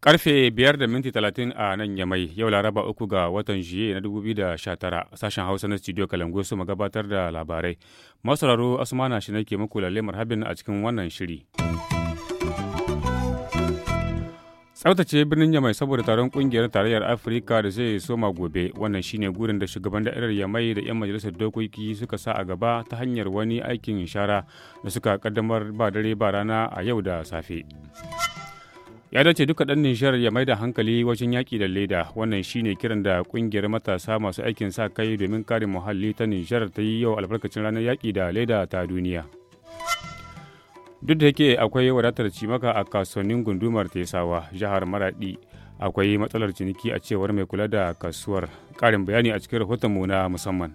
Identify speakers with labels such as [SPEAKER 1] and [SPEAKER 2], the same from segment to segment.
[SPEAKER 1] Karfe biyar da minti talatin a nan Yamai, yau Laraba uku ga watan Juye na 2019, sashen Hausa na Studio Kalangu su gabatar da labarai. Masu asuma na shi nake muku lalle marhabin a cikin wannan shiri. Tsaftace birnin Yamai saboda taron kungiyar tarayyar Afirka da zai soma gobe wannan shine gurin da shugaban da'irar Yamai da 'yan majalisar dokoki suka sa a gaba ta hanyar wani aikin shara da suka kaddamar ba dare ba rana a yau da safe. ya dace duka dan nishiyar ya mai da hankali wajen yaƙi da leda wannan shine kiran da kungiyar matasa masu aikin sa kai domin kare muhalli ta nishiyar ta yi yau albarkacin ranar yaƙi da leda ta duniya. duk da yake akwai wadatar cimaka a kasuwannin gundumar tesawa jihar maradi akwai matsalar ciniki a cewar mai kula da kasuwar karin bayani a cikin rahoton mu na musamman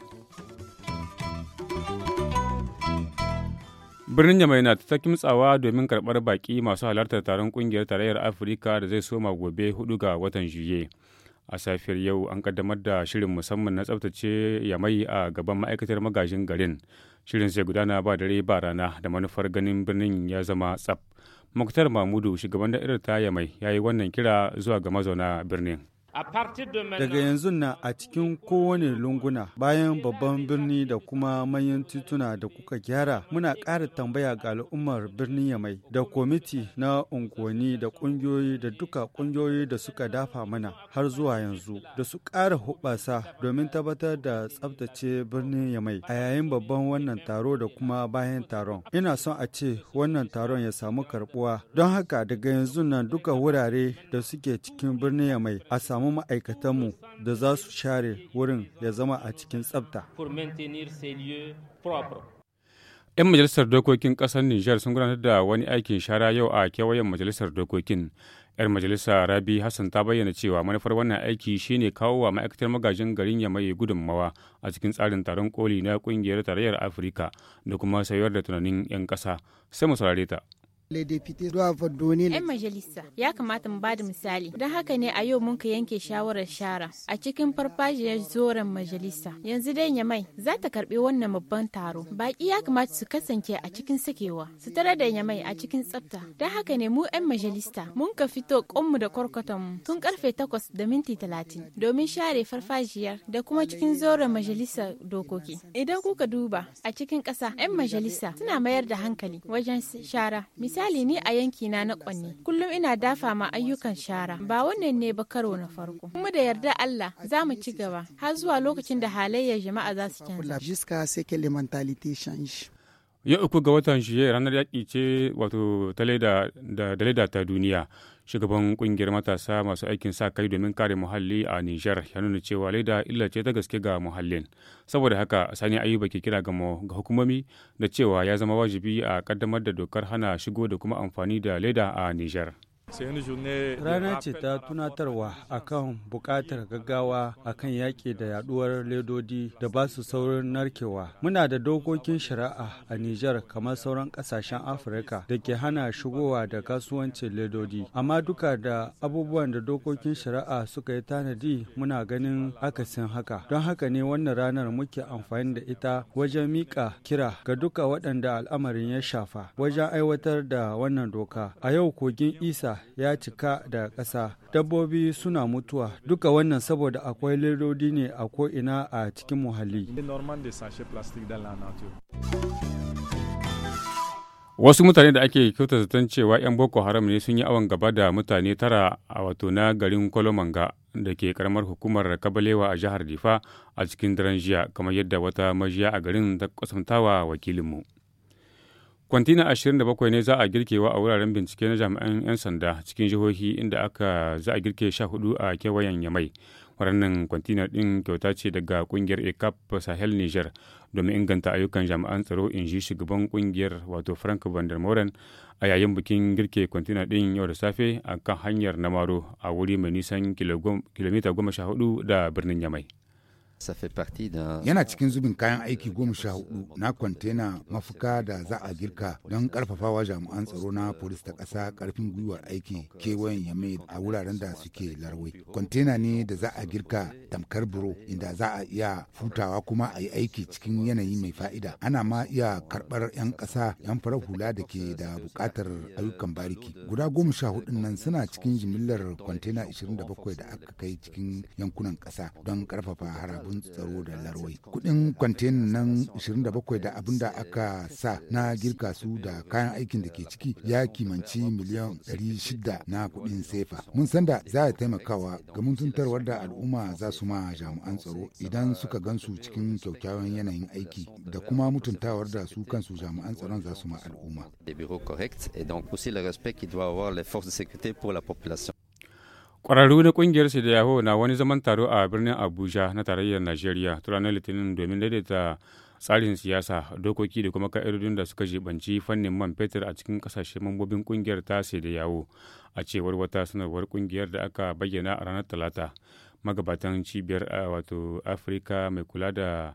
[SPEAKER 1] birnin yamai na ta kimtsawa domin karɓar baƙi masu halartar taron ƙungiyar tarayyar afirka da zai soma gobe 4 ga watan juye a safiyar yau an kaddamar da shirin musamman na tsabtace yamai a gaban ma'aikatar magajin garin shirin sai gudana ba dare ba rana da manufar ganin birnin ya zama tsab muktar mamudu shugaban da irin ta yamai ya yi wannan kira zuwa ga mazauna birnin Daga yanzu
[SPEAKER 2] na a cikin kowane lunguna bayan babban birni da kuma manyan tituna da kuka gyara muna ƙara tambaya ga al'ummar birnin Yamai da kwamiti na unguwanni da ƙungiyoyi da duka ƙungiyoyi da suka dafa mana har zuwa yanzu da su ƙara hubasa domin tabbatar da tsabtace birnin Yamai a yayin babban wannan taro da kuma bayan taron. Ina son a ce wannan taron ya samu karbuwa don haka daga yanzu nan duka wurare da suke cikin birnin Yamai a samu samu ma'aikatanmu da za su share wurin ya zama a cikin tsabta.
[SPEAKER 1] 'Yan majalisar dokokin ƙasar Nijar sun gudanar da wani aikin shara yau a kewayen majalisar dokokin. 'Yar majalisa Rabi Hassan ta bayyana cewa manufar wannan aiki shine kawo wa ma'aikatar magajin garin ya mai gudunmawa a cikin tsarin taron koli na ƙungiyar tarayyar Afirka da kuma sayar da tunanin 'yan ƙasa. Sai mu saurare ta.
[SPEAKER 3] 'Yan
[SPEAKER 4] majalisa ya kamata mu bada misali don haka ne a yau mun ka yanke shawarar shara a cikin farfajiyar zoren majalisa yanzu dai Yamai za ta karbi wannan babban taro baki ya kamata su kasance a cikin sakewa su tare da Yamai a cikin tsafta don haka ne mu 'yan majalisa mun ka fito kunmu da mu tun karfe takwas da minti talatin domin share farfajiyar da kuma cikin zoren majalisa dokoki idan kuka duba a cikin ƙasa 'yan majalisa suna mayar da hankali wajen shara misali Misali ni a yankina na kwanne kullum ina dafa ma ayyukan shara ba wannan ne ba karo na farko. Kuma da yarda Allah za mu ci gaba har zuwa lokacin da halayyar jama'a za su canza.
[SPEAKER 1] Yau uku ga watan shiye ranar yaƙi ce wato ta ta duniya. shugaban kungiyar matasa masu aikin sa kai domin kare muhalli a Nijar ya nuna cewa laida illa ce ta gaske ga muhallin. Saboda haka Sani Ayuba ke kira ga hukumomi da cewa ya zama wajibi a kaddamar da dokar hana shigo da kuma amfani da laida a Nijar.
[SPEAKER 2] Rana ce ta tunatarwa a kan buƙatar gaggawa akan yaƙi da yaduwar ledodi da ba su saurin narkewa. Muna da dokokin shari'a a Nijar kamar sauran ƙasashen Afirka da ke hana shigowa da kasuwancin ledodi. Amma duka da abubuwan da dokokin shari'a suka yi tanadi muna ganin akasin haka. Don haka ne wannan ranar muke amfani da ita wajen miƙa kira ga duka waɗanda al'amarin ya shafa wajen aiwatar da wannan doka. A yau kogin Isa ya cika da ƙasa dabbobi suna mutuwa duka wannan saboda akwai lerodi ne a ko'ina a cikin muhalli wasu mutane da ake
[SPEAKER 1] kyauta zaton cewa 'yan boko haram ne sun yi awon gaba da mutane tara a wato na garin kolomanga da ke karamar hukumar kabalewa a jihar difa a cikin daren jiya kamar yadda wata majiya a garin ta wakilinmu Kwantina 27 ne za a girkewa a wuraren bincike na jami'an 'yan sanda cikin jihohi inda aka za a girke 14 a kewayen Yamai. Waɗannan kwantina ɗin kyauta ce daga ƙungiyar ECAP Sahel Niger domin inganta ayyukan jami'an tsaro in ji shugaban ƙungiyar wato Frank van der Moren a yayin bikin girke kwantina ɗin yau da safe a kan hanyar Namaro a wuri mai nisan kilomita hudu da birnin Yamai. Yana
[SPEAKER 3] cikin zubin kayan aiki goma sha hudu na kwantena mafuka da za a girka don karfafawa jami'an tsaro na polis ta ƙasa karfin gwiwar aiki kewayen yame a wuraren da suke larwai. Kwantena ne da za a girka tamkar buro inda za a iya futawa kuma a yi aiki cikin yanayi mai fa'ida. Ana ma iya karɓar 'yan ƙasa 'yan farar hula da ke da buƙatar ayyukan bariki. Guda goma sha hudu nan suna cikin jimillar kwantena 27 da aka kai cikin yankunan ƙasa don karfafa harabar abun tsaro da larwai kudin kwantenan nan 27 da abin da aka sa na girka su da kayan aikin da ke ciki ya kimanci miliyan 600 na kudin sefa mun san da za a taimakawa ga mutuntarwar da al'umma za su ma jami'an tsaro idan suka gansu cikin kyaukyawan yanayin aiki da kuma mutuntawar da su kansu jami'an tsaron za su ma al'umma. et
[SPEAKER 1] donc le respect qu'il doit la population. kwararru na kungiyar ƙungiyar Sidiyaho na wani zaman taro a birnin Abuja na tarayyar Najeriya ta ranar Litinin domin daidaita tsarin siyasa, dokoki da kuma ka'idodin da suka jibanci fannin man fetur a cikin kasashen mambobin kungiyar ta yawo a cewar wata sanarwar kungiyar da aka bayyana a ranar Talata. Magabatan cibiyar wato Afirka mai kula da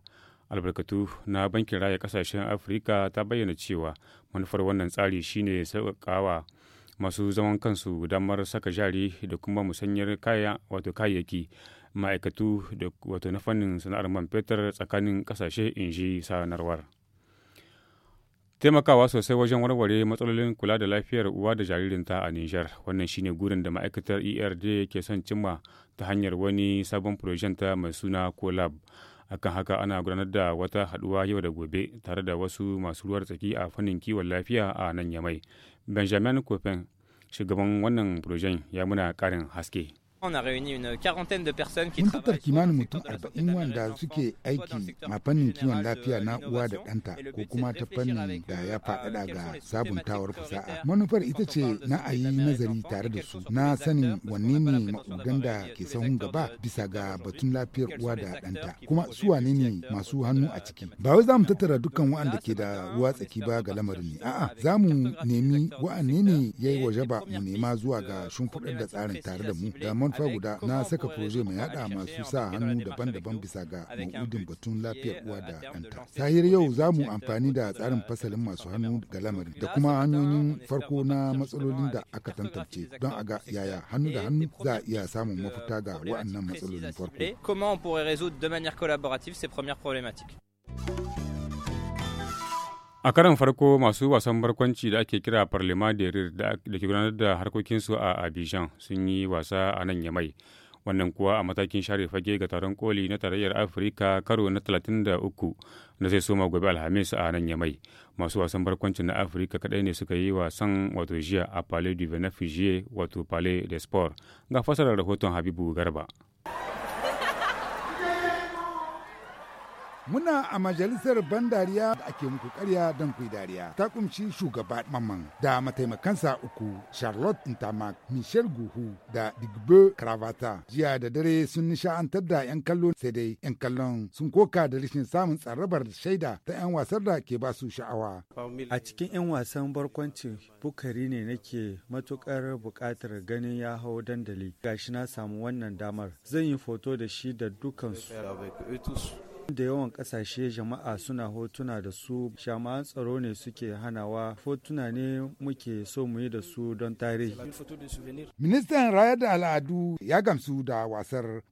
[SPEAKER 1] albarkatu na bankin raya kasashen Afirka ta bayyana cewa manufar wannan tsari shine sauƙaƙawa masu zaman kansu damar saka jari da kuma musanyar kaya wato kayayyaki ma'aikatu da wato na fannin sana'ar man fetur tsakanin kasashe in ji sanarwar taimakawa sosai wajen warware matsalolin kula da lafiyar uwa da jaririnta a niger wannan shine gurin da ma'aikatar erd ke son cimma ta hanyar wani sabon projenta mai suna colab akan haka ana gudanar da wata haduwa yau da gobe tare da wasu masu ruwar tsaki a fannin kiwon lafiya a nan yamai benjamin copen shugaban wannan projen ya muna karin haske
[SPEAKER 3] On a de personnes Mun tattar kimanin mutum arba'in wanda suke aiki a fannin kiwon lafiya na uwa da ɗanta ko kuma ta fannin da ya faɗaɗa ga sabuntawar fasaha. Manufar ita ce na a nazari tare da su na sanin wanne ne maƙudan da ke sahun gaba bisa ga batun lafiyar uwa da ɗanta kuma su wane ne masu hannu a ciki. Ba wai za mu tattara dukkan wa'anda ke da ruwa tsaki ba ga lamarin ne. A'a za mu nemi wa'anne ne ya yi waje ba mu nema zuwa ga shimfiɗar da tsarin tare da mu. manufa guda na saka proje mai yada masu sa hannu daban-daban bisa ga ma'udin batun lafiyar uwa da yanta. sahir yau za mu amfani da tsarin fasalin masu hannu ga lamarin da kuma hanyoyin farko na matsalolin da aka tantance don a ga yaya hannu da hannu za a iya samun mafuta ga waɗannan matsalolin farko.
[SPEAKER 1] a karan farko masu wasan barkwanci da ake kira parlema da ke gudanar da harkokinsu a abidjan sun yi wasa a nan yamai wannan kuwa a matakin share fage ga taron koli na tarayyar afirka karo na 33 da zai soma gobe alhamis a nan yamai masu wasan barkwanci na afirka kadai ne suka yi wasan wato jiya a palais du benefice wato palais de sport ga fasarar rahoton habibu garba
[SPEAKER 3] Muna a majalisar ban dariya da ake muku karya don kuyi dariya. Ta kunshi shugaba Mamman da mataimakansa uku Charlotte Ntamak, Michel Guhu da Digbe cravata Jiya da dare sun nisha'antar da 'yan kallo sai dai 'yan kallon sun koka da rashin samun tsarabar shaida ta 'yan wasar da ke basu sha'awa.
[SPEAKER 2] A cikin 'yan wasan barkwanci Bukari ne nake matukar bukatar ganin ya hau dandali. Gashi na samu wannan damar. Zan yi foto da shi da dukansu. da yawan kasashe jama'a suna hotuna da su jama'an tsaro ne suke hanawa hotuna ne muke so mu yi da su don tarihi
[SPEAKER 3] ministan rayar da al'adu ya gamsu da wasar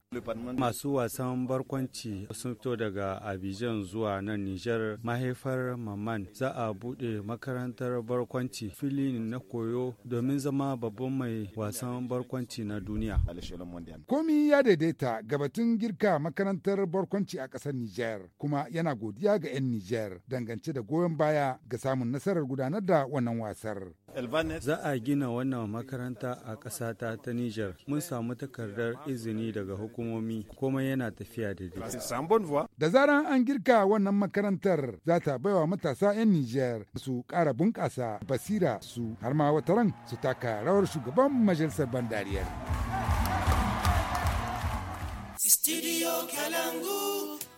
[SPEAKER 3] Masu
[SPEAKER 2] wasan barkwanci sun fito daga Abidjan zuwa nan Nijar mahaifar Maman za a buɗe makarantar barkwanci fili na koyo domin zama babban mai wasan barkwanci na duniya.
[SPEAKER 3] Komi ya daidaita gabatun girka makarantar barkwanci a ƙasar Nijar kuma yana godiya ga 'yan Nijar dangance da goyon baya ga samun nasarar gudanar da wannan wasar.
[SPEAKER 2] Za a gina wannan makaranta a ƙasata ta Nijar mun samu takardar izini daga hukumar hukumomi komai yana tafiya da daidai.
[SPEAKER 3] Da zaran an girka wannan makarantar za ta baiwa matasa 'yan Nijar su ƙara bunƙasa basira su har ma wataran su taka rawar shugaban majalisar bandariyar.
[SPEAKER 2] Studio Kalangu.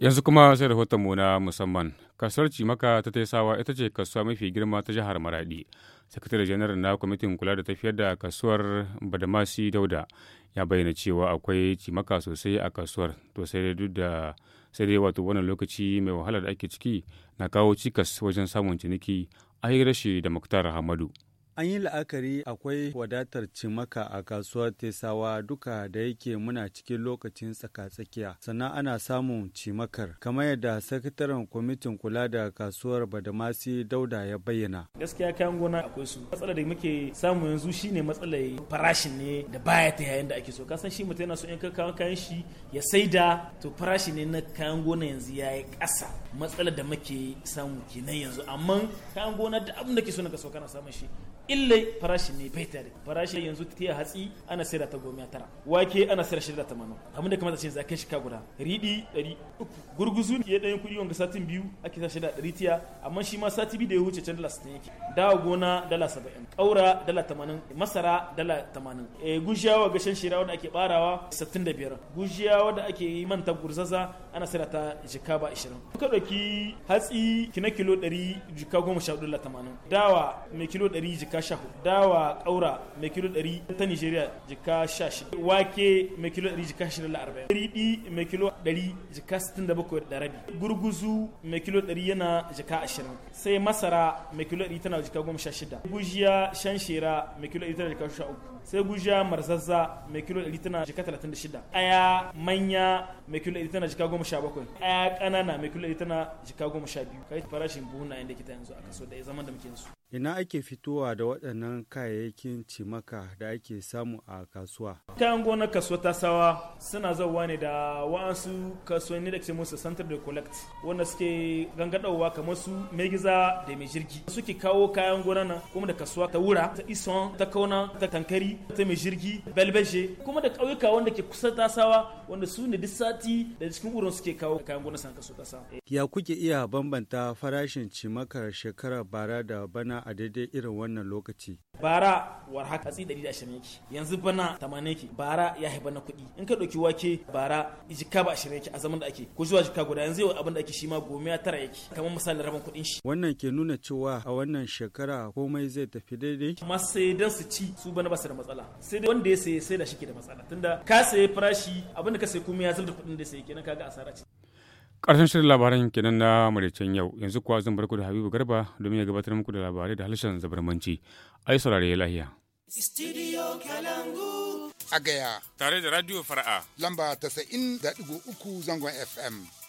[SPEAKER 1] Yanzu kuma sai rahoton mu na musamman. Kasuwar Cimaka ta Taisawa ita ce kasuwa mafi girma ta jihar Maradi. Sakatare janar na kwamitin kula da tafiyar da kasuwar Badamasi Dauda ya bayyana cewa akwai cimaka sosai a kasuwar to sai dai duk da sai dai wato wannan lokaci mai wahala da ake ciki na kawo cikas wajen samun ciniki a rashi da Muktar Hamadu.
[SPEAKER 2] An yi la'akari akwai wadatar cimaka a kasuwar Tesawa duka da yake muna cikin lokacin tsaka-tsakiya, sannan ana samun cimakar, kamar yadda sakataren kwamitin kula da kasuwar Badamasi Dauda ya bayyana.
[SPEAKER 4] Gaskiya kayan gona akwai su. Matsalar da muke samu yanzu shine matsalar farashin ne da baya ta yayin da ake so. Kasan shi mutum yana so in kawo kayan shi ya saida to farashi ne na kayan gona yanzu ya yi ƙasa. matsalar da muke samu kenan yanzu amma kayan gona da abin da ke so na kaso kana samun shi illa farashi ne bai tare farashi yanzu tiya hatsi ana sayar ta goma tara wake ana sayar da ta mano abin da kamata ce za ka shika guda riɗi ɗari uku gurguzu ya ɗaya kuɗi wanga satin biyu ake sa shi da ɗari tiya amma shi ma sati biyu da ya wuce can dala sitin yake dawa gona dala saba'in ƙaura dala tamanin masara dala tamanin eh, gujiyawa gashin shirawa da ake ɓarawa sittin da biyar gujiyawa da ake yi manta gurzaza ana sayar ta jikaba ashirin ɗauki hatsi ki na kilo ɗari jika goma sha dala tamanin dawa mai kilo ɗari jika sha dawa ƙaura mai kilo ɗari ta nigeria jika sha shida wake mai kilo ɗari jika shida la arba'in riɗi mai kilo ɗari jika sittin da bakwai da rabi gurguzu mai kilo ɗari yana jika ashirin sai masara mai kilo ɗari tana jika goma sha shida gujiya shanshera mai kilo ɗari tana jika sha uku sai guja marsassa mai kilo 136 tana aya manya mai kilo 100 tana aya kanana mai kilo 100 kai farashin buhuna inda kita yanzu a kaso da ya zama da muke yanzu
[SPEAKER 2] Ina ake fitowa da waɗannan kayayyakin cimaka da ake samu a kasuwa?
[SPEAKER 4] Kayan gona kasuwa ta sawa suna zauwa ne da wa'ansu kasuwanni da ke musu santar da collect wanda suke gangadawa kamar su megiza da mai jirgi. Suke kawo kayan gona nan kuma da kasuwa ta wura ta ison ta kauna ta tankari ta mai jirgi belbeje kuma da ƙauyuka wanda ke kusa ta sawa wanda su ne duk sati da cikin wurin suke kawo kayan gona san kasuwa ta sawa. Ya
[SPEAKER 2] kuke iya bambanta farashin cimakar shekara bara da bana a daidai irin wannan lokaci?
[SPEAKER 4] Bara war haka hatsi ashirin yake, yanzu bana tamanin yake, bara ya haifa na kuɗi. In ka ɗauki wake bara jika ba ashirin yake a zaman da ake, ko zuwa jika guda yanzu yau abin da ake shi ma gomiya tara yake, kamar misalin rabin kuɗin shi.
[SPEAKER 2] Wannan ke nuna cewa a wannan shekara komai zai tafi daidai.
[SPEAKER 4] Amma sai dan su ci su bana ba su da matsala. Sai dai wanda ya saye sai da shi ke da matsala. Tunda ka saye farashi abin da ka saye komai ya zama da kuɗin da saye kenan kaga asara ce.
[SPEAKER 1] karshen shirin labaran kenan na maraicen yau yanzu kuwa zan ku da Habibu Garba domin ya gabatar muku da labarai da harshen zabarmanci. Ai saurare lahiya.
[SPEAKER 4] Studio
[SPEAKER 3] a gaya. Tare da Radio Fara'a. Lamba 90.3 zangon FM.